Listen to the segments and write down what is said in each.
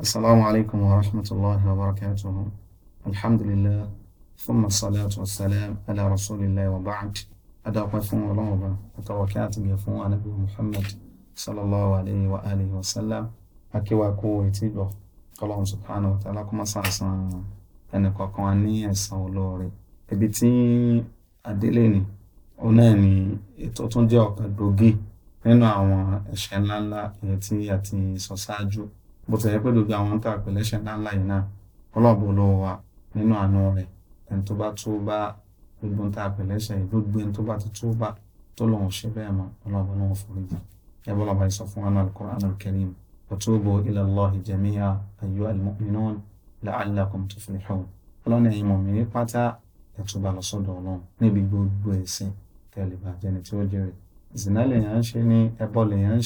السلام عليكم ورحمة الله وبركاته الحمد لله ثم الصلاة والسلام على رسول الله وبعد أدعو فون ولوبا أتوكات بيفون نبي محمد صلى الله عليه وآله وسلم أكيوا كويتي بو kọlọ́run subhanahu wa ta'ala kó má sàásán ẹnì kọ̀ọ̀kan wa ní ẹ̀san olóore ibi tí adélé ni òun náà ni ètò tún jẹ́ ọ̀kan gbòógì nínú àwọn ẹ̀ṣẹ̀ ńláńlá èyí tí a ti sọ ṣáájú bó ti yẹ pé gbogbo àwọn tá a pè lẹ́sẹ̀ ńláńlá yìí náà ọlọ́ọ̀bù olówó wa nínú àánú rẹ̀ ẹni tó bá tó bá gbogbo tá a pè lẹ́sẹ̀ yìí gbogbo ẹni tó bá ti tó bá tó lòun ṣe bẹ́ẹ̀ mọ́ ọlọ́ọ̀bù náà forí jì ẹ bọ́lá bá sọ fún wọn al-Qur'an al-Karim watubu ila Allahi jami'a ayyuhal mu'minun la'allakum tuflihun ọlọ́ni ẹ̀yin mọ̀mìnrin pátá náà lèèyàn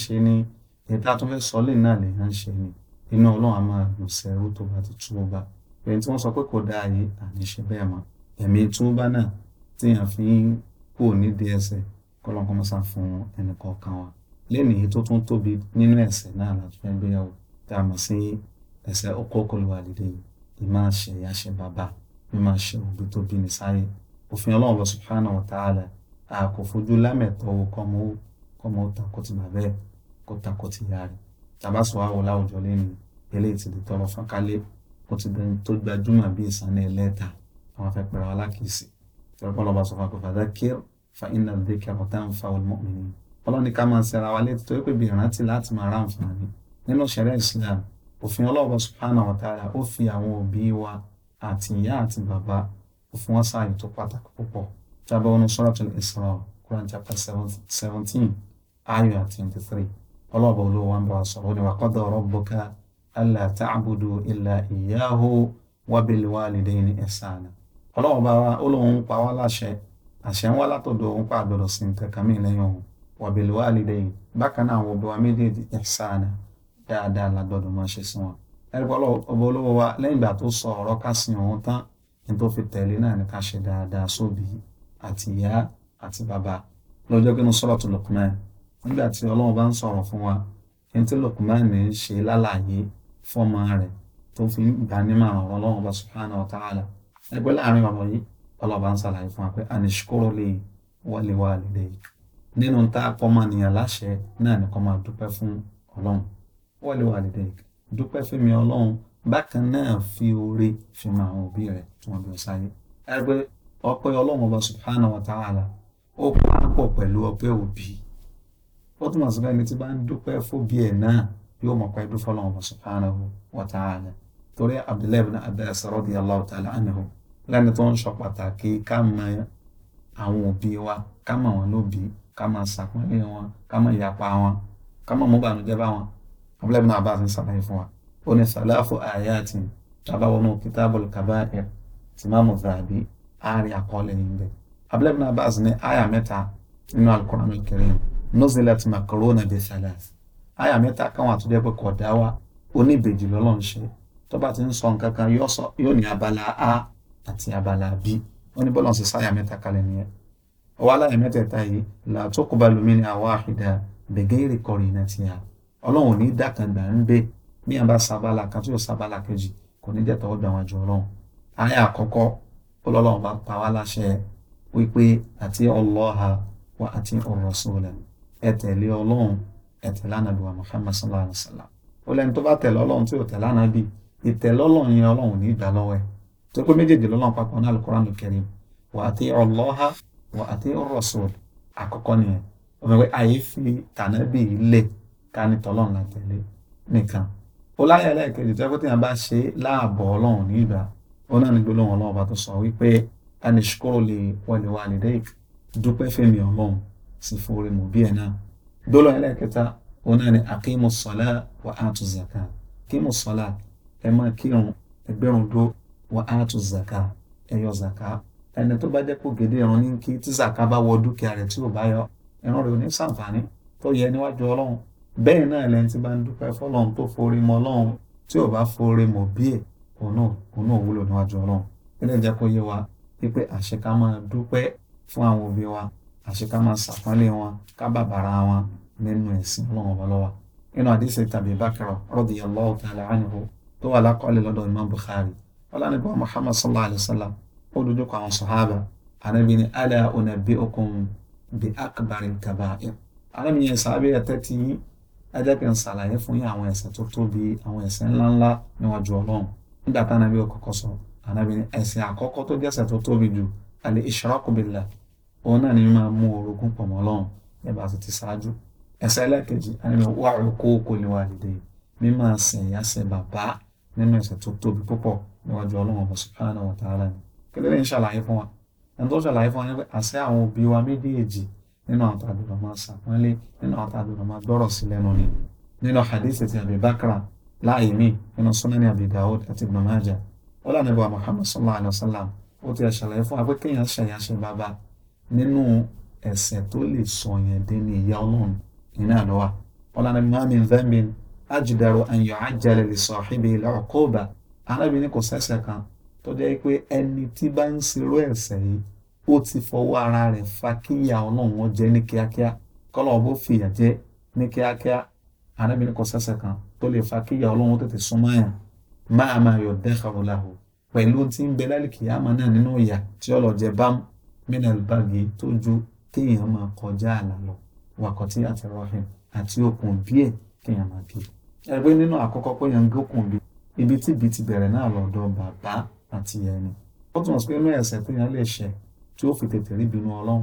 ń ṣe ní inú ọlọ́run á máa dùn sẹ́rú tó bá ti túbọ̀ bá ẹni tí wọ́n sọ pé kò dáa yìí àní ṣe bẹ́ẹ̀ mọ́ ẹ̀mí túbá náà téèyàn fi ń kú nídìí ẹsẹ̀ kọ́lọ́kọ́ mọ́sá fún ẹnì kọ̀ọ̀kan wa lénìí tó tún tóbi nínú ẹ̀ṣẹ̀ náà láti fẹ́ gbéyàwó tá a mọ̀ sí ẹ̀ṣẹ̀ ọkọ̀ kọlùwà yìí ìmá ṣe ìyá ṣe bàbá mímá ṣe òbí tó bí ní sáyé òfin ọlọ́run lọ subhanahu wa ta'ala a kò fojú lámẹ̀tọ́ kọ́mọ́ kọ́mọ́ takò ti bàbẹ́ kó takò ti yára tàbá sọ àwọ̀ láwùjọ lénìí eléyìí ti di tọrọ fọ́nkálẹ̀ ó ti bẹni tó gbajúmọ̀ bí ìsànà ẹlẹ́ta àwọn fẹ́ pẹ̀rọ alákìísí tẹ̀rọ̀pọ̀lọ́ bá sọ fún akọ̀fà dákẹ́ fa iná lè kí ọ̀tá ń fa al-mu'minin ọlọ́ni ká máa ṣe ara wa létí torí pé bí ìrántí láti máa ra àǹfààní nínú ṣẹ̀rẹ́ Islam òfin ọlọ́ọ̀bọ subhanahu wa ta'ala ó fi àwọn òbí wa àti ìyá àti bàbá ó fi wọ́n sáàyè tó pàtàkì púpọ̀ tábà wọnú Suratul Isra Quran chapter seventeen ayọ̀ twenty three ọlọ́ọ̀bọ olówó wa ń bá wa sọ̀rọ̀ ó ní wa qada rabbuka alla ta'budu illa iyyahu wa bil walidayni ihsana. ọlọ́run bá wa ó lóun pa wá láṣẹ àṣẹ ń wá látọ̀dọ̀ òun pa àgbọ̀dọ̀ sí nǹkan kan mí lẹ́yìn òun wa bil walidayni bákan náà àwọn òbí wa méjèèjì ihsana dáadáa la gbọ́dọ̀ máa ṣe sí wọn. ẹ̀rọ ọba olówó wa lẹ́yìn ìgbà tó sọ ọ̀rọ̀ ká sin òun tán ní tó fi tẹ̀lé náà ní ká ṣe dáadáa sóbì àti ìyá àti bàbá lọ́jọ́ kínú Suratu Luqman nígbà tí ọlọ́run bá ń sọ̀rọ̀ fún wa ẹni tí Luqman ní ń ṣe lálàyé fọ́mọ rẹ̀ tó fi gbà ọlọ́run ọba subhanahu wa ta'ala ẹgbẹ́ láàrin ọ̀rọ̀ yìí ọlọ́ba ń ṣàlàyé fún wa pé wa nínú a kọ́ máa nìyàn láṣẹ náà ni kọ́ máa dúpẹ́ fún ọlọ́run wa li dúpẹ́ fún mi ọlọ́run bákan náà fi oore fi mọ àwọn òbí tí ọ ọba subhanahu wa ta'ala ó pa pọ̀ pẹ̀lú ọpẹ́ òbí ó túmọ̀ sí yóò mọ̀ pẹ́ dúpọ́ lọ́wọ́ subhanahu wa ta'ala torí abdullahi ibn abbas radiyallahu ta'ala anhu lẹ́ni tó ń sọ pàtàkì ká mọ àwọn òbí wa ká mọ wọn lóbi ká mọ sàpọ́nlé wọn ká mọ ìyapa wọn ká mọ mọ́bànújẹ́ bá wọn abdullahi abbas ń sàlàyé fún wa ó ní sàlàfù àyàtì tábàwọnú kitabul kaba'ir tìmáàmù zahabi àárín àkọọ́lẹ̀ yìí bẹ́ẹ̀ abdullahi ibn abbas ní àyà mẹ́ta nínú al-Qur'an al-Karim nuzilat makarona àyà mẹ́ta káwọn àtúndẹ́gbẹ́ kọ̀ dá wa oníbejì lọ́lọ́run ṣe tó bá ti ń sọ nǹkan kan yóò ní abala a àti abala b wọ́n ní bọ́lá ń ṣe sáyà mẹ́ta kalẹ̀ nìyẹn ọwọ́ aláyà mẹ́tẹ̀ẹ̀ta yìí làtọ́kùbá lómi ní àwa àhìdá bẹ̀gẹ́rì kọrin náà ti yà ọlọ́run ò ní dàkàndà ń bẹ́ẹ̀ bí yàn bá sabala kan tí yóò sabala kejì kò ní jẹ́ tọ́wọ́ bí àwọn àjọ ọlọ́run ayé àkọ́kọ́ ọlọ́run bá pa wá láṣẹ wípé àti ọlọ́ha wa àti ọ̀rọ̀ sọ̀rọ̀ ẹ tẹ̀lé ọlọ́run ẹ tẹ̀lé ànábì wa Muhammad sallallahu alayhi wa sallam ó lẹ́ni tó bá tẹ̀lé ọlọ́run tí ò tẹ̀lé ànábì ìtẹ̀lé ọlọ́run yẹn ọlọ́run ní ìgbà lọ́wọ́ ẹ̀ tó pé méjèèjì lọ́lọ́run papọ̀ ní Al-Qur'an Al-Karim wa ati'u Allaha wa ati'u Rasul àkọ́kọ́ nìyẹn ọmọ ìwé àyè fi tànábì lẹ̀ ká ní tọ́lọ́run la tẹ̀lé nìkan ó láyé tó yẹ kó tí yẹn bá ṣe láàbọ̀ ọlọ́run ní ìgbà ó náà ní gbólóhùn ọlọ́run bá tó sọ wípé anishkoro lè wọlé wa lè dúpẹ́ fẹ́mi ọlọ́run sì fòrè mọ̀ bí náà dọ́lọ̀ ẹlẹ́ẹ̀kẹta òun náà ni àkímù sọ́lá wà á tún zaka kímù sọ́lá ẹ máa kírun ẹgbẹ́rún dó wà á tún zaka ẹ yọ zaka ẹni tó bá jẹ́ kó gèdè ẹ̀rùn ní kí tí zaka bá wọ dúkìá rẹ̀ tí ò bá yọ ẹ̀rùn rẹ̀ ò ní sàǹfààní tó yẹ níwájú ọlọ́run bẹ́ẹ̀ náà lẹ́yìn tí bá ń dúpẹ́ fọlọ́run tó forí mọ ọlọ́run tí ò bá forí mọ bí ẹ̀ òun náà wúlò níwájú ọlọ́run ẹ kó yé wa wípé àṣẹ máa dúpẹ́ fún àwọn òbí wa àṣé ká máa ṣàpọ́nlé wọn ká bàbàrà wọn nínú ẹ̀sìn ọlọ́run ọba lọ́wọ́ nínú àdìsí tàbí bákẹ́rọ̀ radiyallahu ta'ala anhu tó wà lákọ́ọ́lẹ̀ lọ́dọ̀ Imam Bukhari ọlọ́nìbọ̀ Muhammad sallallahu alayhi wa sallam ó dojú kọ àwọn sọ̀hábà ànábì ni ala unabbi'ukum bi akbaril kaba'ir ànábì yẹn sàábẹ̀ ẹ̀tẹ́ ti yín ẹjẹ́ kí n ṣàlàyé fún yín àwọn ẹ̀ṣẹ̀ tó tóbi àwọn ẹ̀ṣẹ̀ ńláńlá níwájú ọlọ́run nígbà tánábì ó sọ ànábì ni ẹ̀ṣẹ̀ àkọ́kọ́ tó jẹ́ṣẹ̀ tó tóbi jù al-ishraku billah òun náà ni máa mú orogún pọ̀ mọ́ Ọlọ́run nígbà tó ti ṣáájú ẹ̀ṣẹ̀ ẹlẹ́ẹ̀kejì àyẹ̀wò wà òkú kò lè wà lédè mímọ́ ẹ̀ṣẹ̀ ìyá ẹ̀ṣẹ̀ bàbá nínú ẹ̀ṣẹ̀ tó tóbi púpọ̀ níwájú Ọlọ́run ọba subhanahu wa ta'ala ni kílódé ń ṣàlàyé fún wa ẹni tó ṣàlàyé fún wa ni pé àṣẹ àwọn òbí wa méjèèjì nínú àwọn tàbílọ̀ máa ṣàpọ́nlé nínú àwọn tàbílọ̀ máa gbọ́rọ̀ sí lẹ́nu ni nínú hadithi ti Abi Bakra láàyè mi nínú Sunani Abi Dawud àti Ibn ó lànà ìbò Muhammad sallallahu alayhi wa sallam ó ti ṣàlàyé fún wa pé kéèyàn ṣàyàṣe bàbá nínú ẹ̀ṣẹ̀ tó lè sọ yẹn dé ní ìyà ọlọ́run iná ló wà ọlọ́run mi máa mi ń fẹ́mi ajdaru an yu'ajjala li sahibi al-uquba arábìnrin kò sẹ́ṣẹ̀ kan tó jẹ́ pé ẹni tí bá ń ṣerú ẹ̀ṣẹ̀ yìí ó ti fọwọ́ ara rẹ̀ fa kíyà ọlọ́run wọn jẹ́ ní kíákíá kọ́lọ́ bó fìyà jẹ́ ní kíákíá arábìnrin kò sẹ́ṣẹ̀ kan tó lè fa kíyà ọlọ́run minel bagi tó ju kéèyàn máa kọjá àlà lọ wàkọ̀ tí àti rahim àti okùn bí ẹ̀ kéèyàn máa bí. ẹ gbé nínú àkọ́kọ́ pé yẹn ń gbókùn bí ibi tí ibi ti bẹ̀rẹ̀ náà lọ́dọ̀ bàbá àti ẹni. ó túmọ̀ sí pé inú ẹ̀ṣẹ̀ tó yẹn lè ṣẹ̀ tí ó fi tètè rí bínú ọlọ́run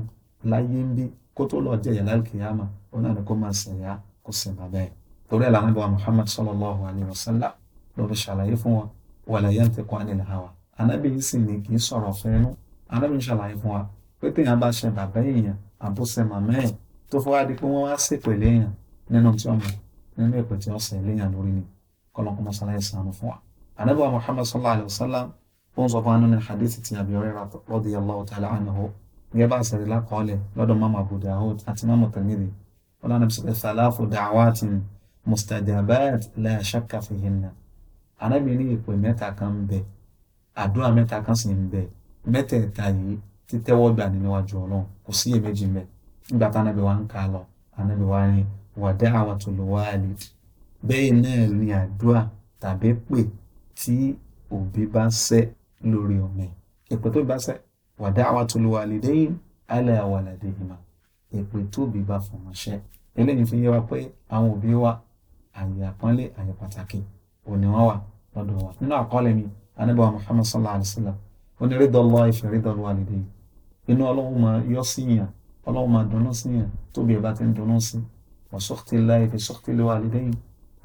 láyé ń bí kó tó lọ jẹ̀yà lálùkìyàmà ó náà ni kó máa ṣẹ̀yà kó sì bàbá ẹ̀. torí ẹ̀ làwọn ibà Muhammad sallallahu alayhi wa sallam ló fi ṣàlàyé fún wọn wala yantiqu anil hawa anábìyí sì ni Ànábì ń ṣàlàyé fún wa pé téèyàn bá ṣe bàbá èèyàn àbó ṣe màmá ẹ̀ tó fọwọ́ adi pé wọ́n wá ṣèpè léèyàn nínú tí wọ́n mọ̀ nínú èpè tí wọ́n ṣe léèyàn lórí ni kọ́lọ́kọ́ mọ́ṣáláyé sànù fún wa. Ànábì wa Muhammad sallallahu alayhi wa sallam ó ń sọ fún anúni hadith ti Abi Hurairah radiyallahu ta'ala anhu gẹ́gẹ́ bá ṣe rí lákọọ́lẹ̀ lọ́dọ̀ Imam Abu Dawud àti Imam Tirmidhi wọn lánàá bí sọ salafu da'awatin mustajabat la shakka ní ìpè mẹ́ta kan bẹ àdúrà mẹ́ta kan sì ń bẹ mẹ́tẹ̀ẹ̀ta yìí títẹ́wọ́ gbà ní níwájú ọlọ́run kò sí iyèméjì mẹ́ nígbà tánábì wa ń kà lọ ànábì wa ní wa da'watul walid bẹ́ẹ̀ náà ni àdúrà tàbí pè tí òbí bá ṣẹ́ lórí ọmọ ẹ̀ èpè tó bá ṣẹ́ wa da'watul walidayn ala waladihima èpè tóbi bá fọmọ ṣẹ́ eléyìí fi yé wa pé àwọn òbí wa àyè àpọ́nlé àyè pàtàkì òní wọn wà lọ́dọ̀ wa nínú àkọọ́lẹ̀ mi anábọ̀ Muhammad sallallahu alayhi wa sallam onírédọ́lọ́ ìfìrédọ́lọ́ àlèdè inú ọlọ́run máa yọ síyàn ọlọ́run máa dùnnú síyàn tóbi ẹ̀ bá ti ń dùnnú sí ọ̀ṣọ́kìtìlá ìfẹ́ ṣọ́kìtìlẹ́wà àlèdè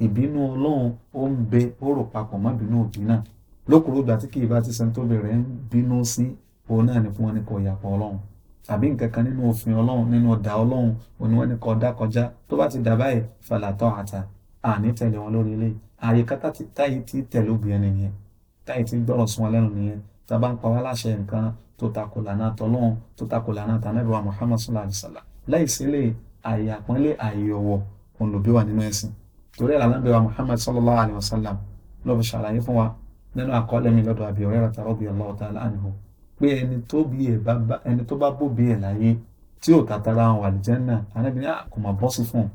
ìbínú ọlọ́run ó ń bẹ ó rò papọ̀ mọ́ bínú òbí náà lókùrú ìgbà tí kìí bá ti sẹ́ni tó bẹ̀rẹ̀ ń bínú sí òun náà ni fún wọn ni kò yàpọ̀ ọlọ́run àbí nǹkan kan nínú òfin ọlọ́run nínú ọ̀dà ọlọ́run òun ni ni kò dá kọjá tó bá ti dà báyìí falatọ́ àtà àní tẹ̀lé wọn lórí ilé àyíká táyì ti tẹ̀lé obìnrin nìyẹn táyì ti gbọ́rọ̀ sún wọn lẹ́nu nìyẹn tá a bá ń pa wá láṣẹ nǹkan tó takò lànà tọlọ́hun tó takò lànà tànàbíwá Muhammad sallallahu alayhi wa sallam láì sílẹ̀ àyè àpọ́nlé àyè ọ̀wọ̀ òun ló bí wà nínú ẹ̀sìn torí ẹ̀ lànà bíwá Muhammad sallallahu alayhi wa sallam ló fi ṣàlàyé fún wa nínú àkọọ́lẹ̀ mi lọ́dọ̀ Abi Hurairah radiyallahu ta'ala anhu pé ẹni tó bá bóbi ẹ̀ láyé tí ò tàtàrà àwọn àlìjẹ́nà anábìrin ah, kò mọ̀ bọ́sù fún un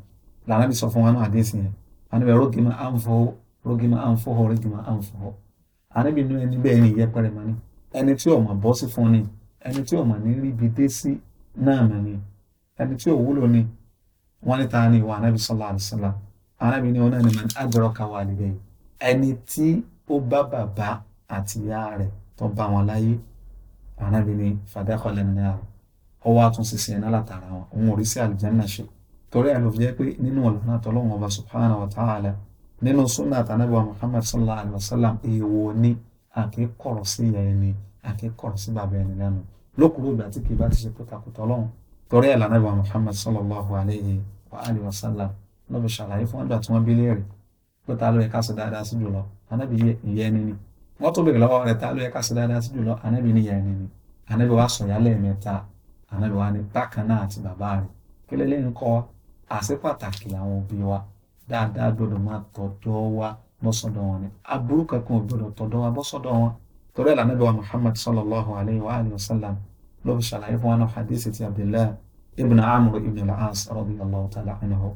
lànà bí sọ fún wa náà àdéhùn yẹn anábìrin rógìmọ̀ àǹfọ̀ọ́ rógìmọ̀ àǹfọ̀ọ́ ànábì ní ẹni bẹ́ẹ̀ ni ìyẹpẹrẹ mọ́ ni ẹni tí ọmọ bọ́ sí fún ni ẹni tí ọmọ ní ríbi dé sí náà mọ́ ni ẹni tí ò wúlò ni wọ́n ní ta ni ìwà ànábì sallallahu alaihi wasallam ànábì ní ọ̀nà ni man adraka walidayhi ẹni tí ó bá bàbá àti ìyá rẹ̀ tó bá wọn láyé ànábì ní fadakhala an-nar ó iná látara wọn òun ò rí sí àlùjánnà ṣe torí ẹ̀ pé nínú ọ̀lànà tọ́lọ́wọ́n ọba subhanahu wa ta'ala nínú súnà àtànábà muhammad sallallahu alayhi wa sallam èèwọ̀ ni àkẹ́kọ̀rọ̀ sí ìyá ẹni àkẹ́kọ̀rọ̀ sí bàbá ẹni lẹ́nu lókùrú ìgbà tí kì í bá ti ṣe kútakúta ọlọ́run torí ẹ̀ lànàbà muhammad sallallahu alayhi wa alayhi wa sallam lọ́bi ṣàlàyé fún ọjọ́ tí wọ́n bí léèrè pé ta ló yẹ ká ṣe dáadáa sí jùlọ ànábì ìyá ẹni ni wọ́n tó bèrè lọ́wọ́ rẹ̀ ta ló yẹ ká ṣe dáadáa sí jùlọ ànábì ni ìyá ẹni ni ànábì wa sọ̀yà lẹ́ẹ̀mẹ́ta ànábì wa ni bákan náà àti bàbá rẹ̀ kí lélẹ́yìn kọ́ àṣẹ pàtàkì òbí wa dáadáa gbọdọ̀ máa tọ̀dọ̀ wa bọ́sọ̀dọ̀ wọn ni aburú kankan ò gbọdọ̀ tọ̀dọ̀ wa bọ́sọ̀dọ̀ wọn torí àlànà bí wa muhammad sallallahu alayhi wa alihi wa sallam ló fi ṣàlàyé fún wa náà hadith ti abdullah ibn amr ibn al-as radiyallahu ta'ala anhu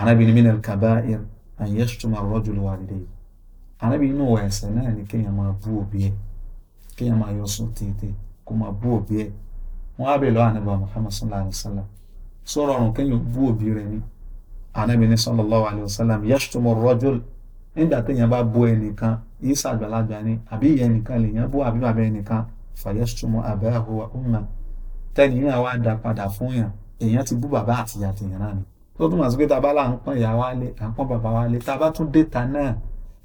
anabi ni minal kaba'ir an yashtuma ar-rajulu walidayhi anabi inú wa ẹ̀ṣẹ̀ náà ni kéèyàn máa bú òbí ẹ̀ kéèyàn máa yọ sún tètè kó máa bú òbí ẹ̀ wọn á bẹ̀ lọ́wọ́ anabi wa muhammad sallallahu alayhi wa sallam sọ̀rọ̀ anabi ní sallallahu alayhi wa sallam yashtumu rajul nígbà téèyàn bá bú ẹnìkan yìí sàgbàlagbà ni àbí ìyá ẹnìkan lèèyàn bú àbí bàbá ẹnìkan fa yashtumu abahu wa umma tẹ́nìyàn wá dá padà fún yàn èèyàn ti bú bàbá àti ìyá tèèyàn náà ni tó túmọ̀ sí pé tá a bá là ń pọ́n ìyá wa lé à ń pọ́n bàbá wa lé tá a bá tún déta náà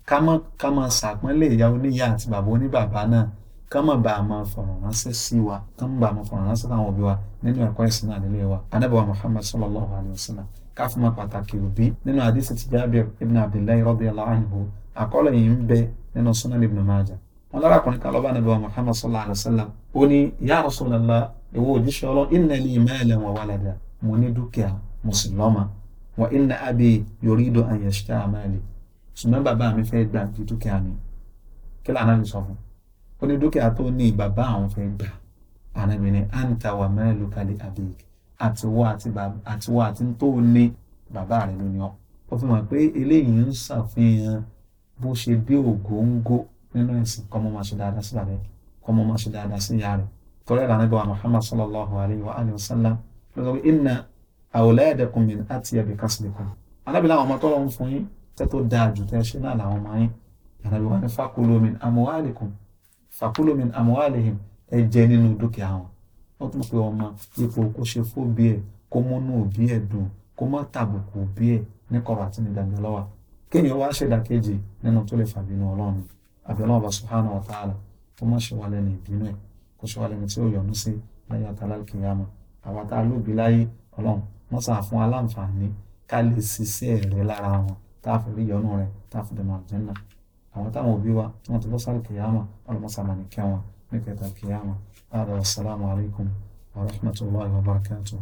ká mọ́ ká mọ́ sàpọ́nlé ìyá oníyá àti bàbá oníbàbá náà ká mọ̀ bá a mọ̀ fọ̀rọ̀ ránṣẹ́ sí wa ká mọ̀ bá a mọ̀ fọ̀rọ̀ ránṣẹ́ láwọn òbí wa nínú ẹ̀kọ́ ìsìn náà nílé wa anábàá Muhammad sallallahu alayhi wa sallam káfíńmọ́ pàtàkì òbí nínú àdìsí ti Jabir ibn Abdullahi radiyallahu anhu àkọọ́lẹ̀ yìí ń bẹ nínú Sunan ibn Majah wọn lára kùnrin kan lọ́ba níbi wa Muhammad sallallahu alayhi wa sallam ó ní ya Rasulullah ìwọ òjíṣẹ́ ọlọ́ inna li malan wa walada mo ní dúkìá mo sì lọ́mọ wa inna abi yuridu an yashta'a mali ṣùgbọ́n bàbá mi fẹ́ gbà ju dúkìá mi kí lànà mi sọ fún ó ní dúkìá tó ní bàbá àwọn fẹ́ gbà àná mi ní anta wa maluka li abik àtiwọ àti àtiwọ àti tó ní bàbá rẹ ló ní ọ ó fi mọ̀ pé eléyìí ń ṣàfihàn bó ṣe dé ògóńgó nínú ẹ̀sìn kọ́mọ máa ṣe dáadáa sí bàbá rẹ kọ́mọ máa ṣe dáadáa sí ìyá rẹ torí ẹ̀rọ anábẹ́ wa Muhammad sallallahu alayhi wa alihi wa sallam ló sọ pé inna awladakum min atyabi kasbikum anábì láwọn ọmọ tọ́lọ́ ń fún yín tẹ́ tó dáa jù tẹ́ ṣe náà làwọn ọmọ yín anábì wa ní fakulu min amwalikum fakulu min nínú dúkìá wọn kó tún pe ọmọ ipò kó ṣe fóbi ẹ̀ kó múnú òbí ẹ̀ dùn kó má tàbùkù òbí ẹ̀ ní àti ní ìdánilọ́wà kéèyàn wá ṣèdàkejì nínú tó lè fàbínú ọlọ́run àbí bá subhanahu wa ta'ala kó má ṣe wà lẹ́nu ìbínú ẹ̀ kó ṣe wà lẹ́nu tí ó yọ́nú sí lẹ́yìn àtàlà kìyàmà àwa tá a lóbi láyé ọlọ́run wọ́n sàn fún aláǹfààní ká lè ṣiṣẹ́ rẹ̀ lára wọn tá a fi rí yọ́nú rẹ̀ tá àwọn táwọn òbí wa tí wọ́n ti bọ́ sáré kìyàmà نكرة القيامة هذا والسلام عليكم ورحمة الله وبركاته